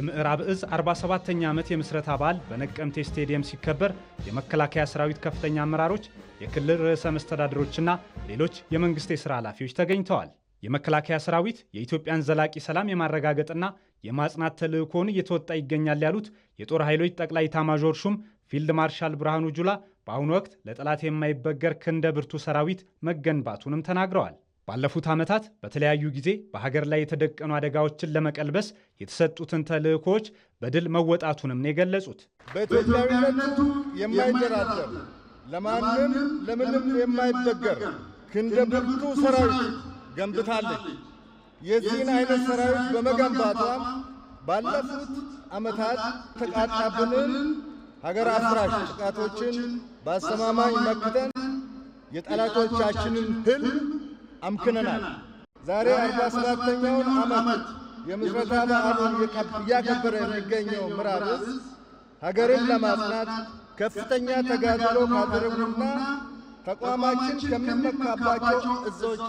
የምዕራብ እዝ 47ኛ ዓመት የምስረታ በዓል በነቀምቴ ስቴዲየም ሲከበር የመከላከያ ሰራዊት ከፍተኛ አመራሮች፣ የክልል ርዕሰ መስተዳድሮችና ሌሎች የመንግስት የሥራ ኃላፊዎች ተገኝተዋል። የመከላከያ ሰራዊት የኢትዮጵያን ዘላቂ ሰላም የማረጋገጥና የማጽናት ተልእኮውን እየተወጣ ይገኛል ያሉት የጦር ኃይሎች ጠቅላይ ኤታማዦር ሹም ፊልድ ማርሻል ብርሃኑ ጁላ በአሁኑ ወቅት ለጠላት የማይበገር ክንደ ብርቱ ሰራዊት መገንባቱንም ተናግረዋል። ባለፉት ዓመታት በተለያዩ ጊዜ በሀገር ላይ የተደቀኑ አደጋዎችን ለመቀልበስ የተሰጡትን ተልእኮዎች በድል መወጣቱንም ነው የገለጹት። በኢትዮጵያዊነቱ የማይደራደር ለማንም ለምንም የማይበገር ክንደ ብርቱ ሰራዊት ገንብታለች። የዚህን አይነት ሰራዊት በመገንባቷ ባለፉት ዓመታት ተቃጣብንን ሀገር አፍራሽ ጥቃቶችን በአስተማማኝ መክተን የጠላቶቻችንን ህልም አምክነናል። ዛሬ አርባ ሰባተኛውን ዓመት የምስረታ በዓሉን እያከበረ የሚገኘው ምዕራብ እዝ ሀገርን ለማጽናት ከፍተኛ ተጋድሎ ካደረጉና ተቋማችን ከሚመካባቸው እዞች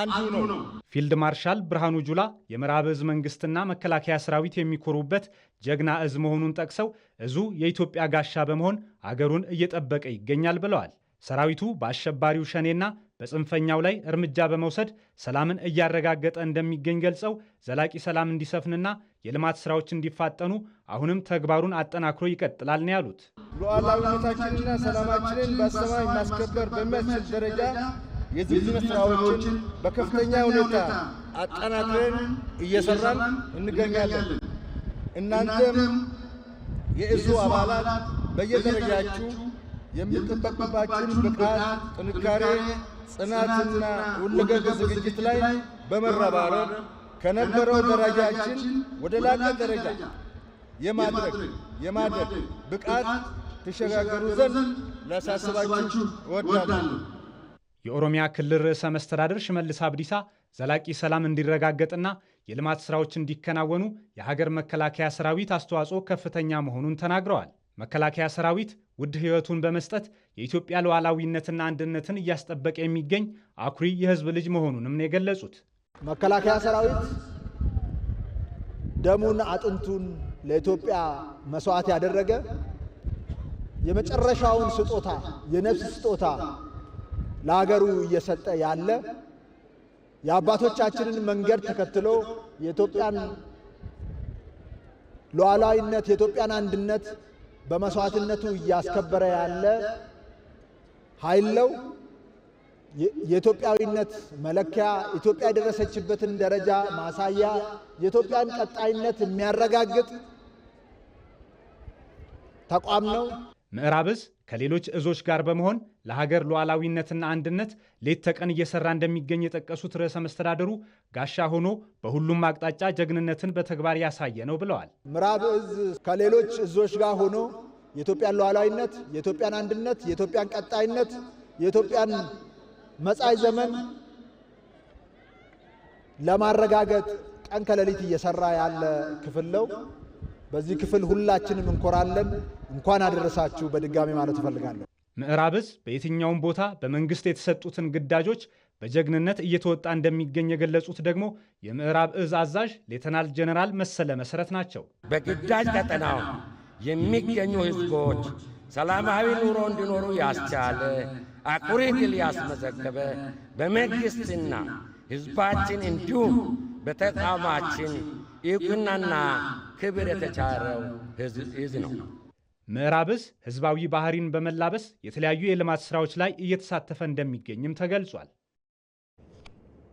አንዱ ነው። ፊልድ ማርሻል ብርሃኑ ጁላ የምዕራብ እዝ መንግስትና መከላከያ ሰራዊት የሚኮሩበት ጀግና እዝ መሆኑን ጠቅሰው እዙ የኢትዮጵያ ጋሻ በመሆን አገሩን እየጠበቀ ይገኛል ብለዋል። ሰራዊቱ በአሸባሪው ሸኔና በጽንፈኛው ላይ እርምጃ በመውሰድ ሰላምን እያረጋገጠ እንደሚገኝ ገልጸው ዘላቂ ሰላም እንዲሰፍንና የልማት ስራዎች እንዲፋጠኑ አሁንም ተግባሩን አጠናክሮ ይቀጥላል ነው ያሉት። ሉዓላዊነታችንና ሰላማችንን በአስተማማኝ ማስከበር በሚያስችል ደረጃ የዝግጅት ስራዎችን በከፍተኛ ሁኔታ አጠናክረን እየሰራን እንገኛለን። እናንተም የእዙ አባላት በየደረጃችሁ የሚጠበቅባችን ብቃት፣ ጥንካሬ፣ ጽናትና ሁለገብ ዝግጅት ላይ በመረባረብ ከነበረው ደረጃችን ወደ ላቀ ደረጃ የማድረግ የማደግ ብቃት ትሸጋገሩ ዘንድ ላሳስባችሁ እወዳለሁ። የኦሮሚያ ክልል ርዕሰ መስተዳድር ሽመልስ አብዲሳ ዘላቂ ሰላም እንዲረጋገጥና የልማት ስራዎች እንዲከናወኑ የሀገር መከላከያ ሰራዊት አስተዋጽኦ ከፍተኛ መሆኑን ተናግረዋል። መከላከያ ሰራዊት ውድ ሕይወቱን በመስጠት የኢትዮጵያ ሉዓላዊነትና አንድነትን እያስጠበቀ የሚገኝ አኩሪ የሕዝብ ልጅ መሆኑንም ነው የገለጹት። መከላከያ ሰራዊት ደሙን አጥንቱን ለኢትዮጵያ መስዋዕት ያደረገ የመጨረሻውን ስጦታ የነፍስ ስጦታ ለሀገሩ እየሰጠ ያለ የአባቶቻችንን መንገድ ተከትሎ የኢትዮጵያን ሉዓላዊነት የኢትዮጵያን አንድነት በመስዋዕትነቱ እያስከበረ ያለ ኃይል ነው። የኢትዮጵያዊነት መለኪያ፣ ኢትዮጵያ የደረሰችበትን ደረጃ ማሳያ፣ የኢትዮጵያን ቀጣይነት የሚያረጋግጥ ተቋም ነው። ምዕራብ እዝ ከሌሎች እዞች ጋር በመሆን ለሀገር ሉዓላዊነትና አንድነት ሌት ተቀን እየሰራ እንደሚገኝ የጠቀሱት ርዕሰ መስተዳደሩ ጋሻ ሆኖ በሁሉም አቅጣጫ ጀግንነትን በተግባር ያሳየ ነው ብለዋል። ምዕራብ እዝ ከሌሎች እዞች ጋር ሆኖ የኢትዮጵያን ሉዓላዊነት፣ የኢትዮጵያን አንድነት፣ የኢትዮጵያን ቀጣይነት፣ የኢትዮጵያን መጻይ ዘመን ለማረጋገጥ ቀን ከሌሊት እየሰራ ያለ ክፍል ነው። በዚህ ክፍል ሁላችንም እንኮራለን። እንኳን አደረሳችሁ በድጋሚ ማለት እፈልጋለሁ። እዝ በየትኛውም ቦታ በመንግስት የተሰጡትን ግዳጆች በጀግንነት እየተወጣ እንደሚገኝ የገለጹት ደግሞ የምዕራብ እዝ አዛዥ ሌተናል ጀነራል መሰለ መሰረት ናቸው። በግዳጅ ቀጠናው የሚገኙ ህዝቦች ሰላማዊ ኑሮ እንዲኖሩ ያስቻለ አኩሪ ድል ያስመዘገበ በመንግሥትና ህዝባችን እንዲሁም በተቋማችን እውቅናና ክብር የተቻረው ህዝብ ነው። ምዕራብስ ህዝባዊ ባህሪን በመላበስ የተለያዩ የልማት ስራዎች ላይ እየተሳተፈ እንደሚገኝም ተገልጿል።